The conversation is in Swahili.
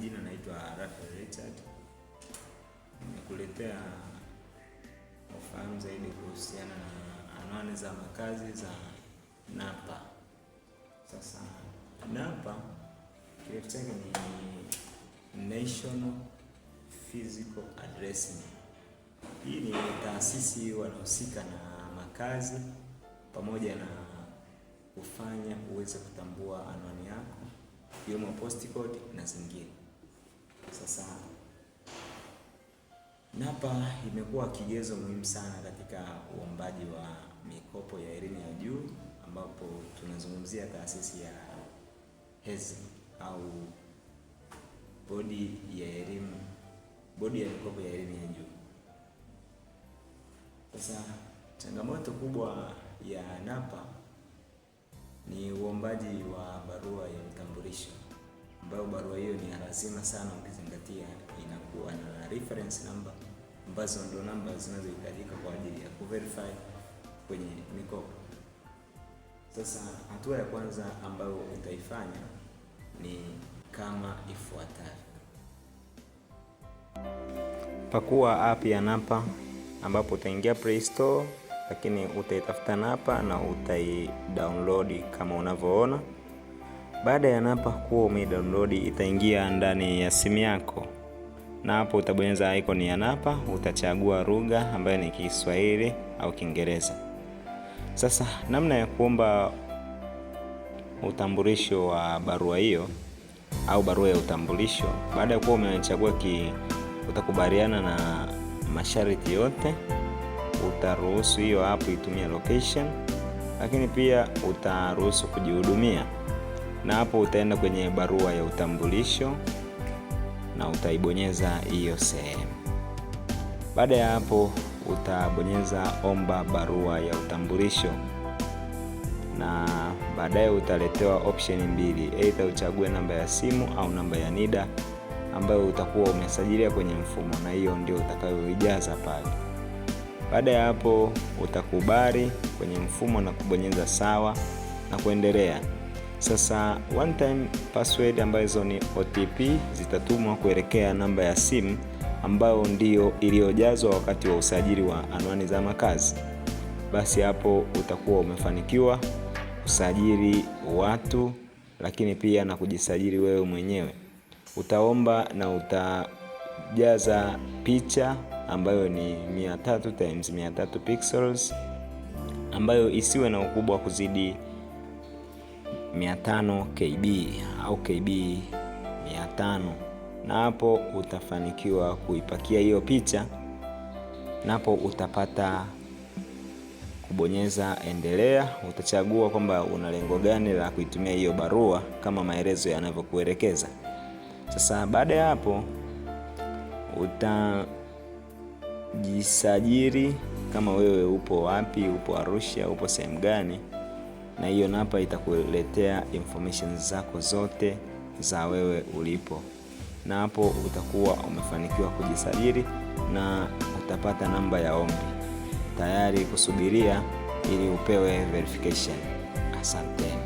Jina naitwa Rafael Richard, nimekuletea ufahamu zaidi kuhusiana na anwani za makazi za NaPA. Sasa NaPA kirefu chake ni National Physical Addressing. Hii ni taasisi wanahusika na makazi pamoja na kufanya uweze kutambua anwani yako ikiwemo postcode na zingine sasa sana. NAPA imekuwa kigezo muhimu sana katika uombaji wa mikopo ya elimu ya juu, ambapo tunazungumzia taasisi ya HESLB au bodi ya elimu, bodi ya mikopo ya elimu ya juu. Sasa changamoto kubwa ya NAPA ni uombaji wa barua ya utambulisho, ambayo barua hiyo ni lazima sana kupitia inakuwa na reference number ambazo ndo namba zinazohitajika kwa ajili ya kuverify kwenye mikopo. Sasa hatua ya kwanza ambayo utaifanya ni kama ifuatavyo. Pakua app ya Napa ambapo utaingia Play Store, lakini utaitafuta Napa na utaidownload kama unavyoona. Baada ya napa kuwa umedownload itaingia ndani ya simu yako, na hapo utabonyeza icon ya napa, utachagua lugha ambayo ni Kiswahili au Kiingereza. Sasa namna ya kuomba utambulisho wa barua hiyo au barua ya utambulisho, baada ya kuwa umechagua ki, utakubaliana na masharti yote, utaruhusu hiyo app itumia location, lakini pia utaruhusu kujihudumia na hapo utaenda kwenye barua ya utambulisho na utaibonyeza hiyo sehemu. Baada ya hapo, utabonyeza omba barua ya utambulisho na baadaye utaletewa option mbili, aidha uchague namba ya simu au namba ya NIDA ambayo utakuwa umesajilia kwenye mfumo, na hiyo ndio utakayoijaza pale. Baada ya hapo, utakubali kwenye mfumo na kubonyeza sawa na kuendelea. Sasa one time password ambazo ni OTP zitatumwa kuelekea namba ya simu ambayo ndiyo iliyojazwa wakati wa usajili wa anwani za makazi. Basi hapo utakuwa umefanikiwa usajili watu, lakini pia na kujisajili wewe mwenyewe. Utaomba na utajaza picha ambayo ni 300 times 300 pixels ambayo isiwe na ukubwa wa kuzidi 500 KB au KB 500 na hapo utafanikiwa kuipakia hiyo picha, na hapo utapata kubonyeza endelea. Utachagua kwamba una lengo gani la kuitumia hiyo barua kama maelezo yanavyokuelekeza. Sasa baada ya hapo utajisajili kama wewe upo wapi, upo Arusha, upo sehemu gani na hiyo napa itakuletea information zako zote za wewe ulipo, na hapo utakuwa umefanikiwa kujisajili na utapata namba ya ombi tayari kusubiria ili upewe verification. Asante.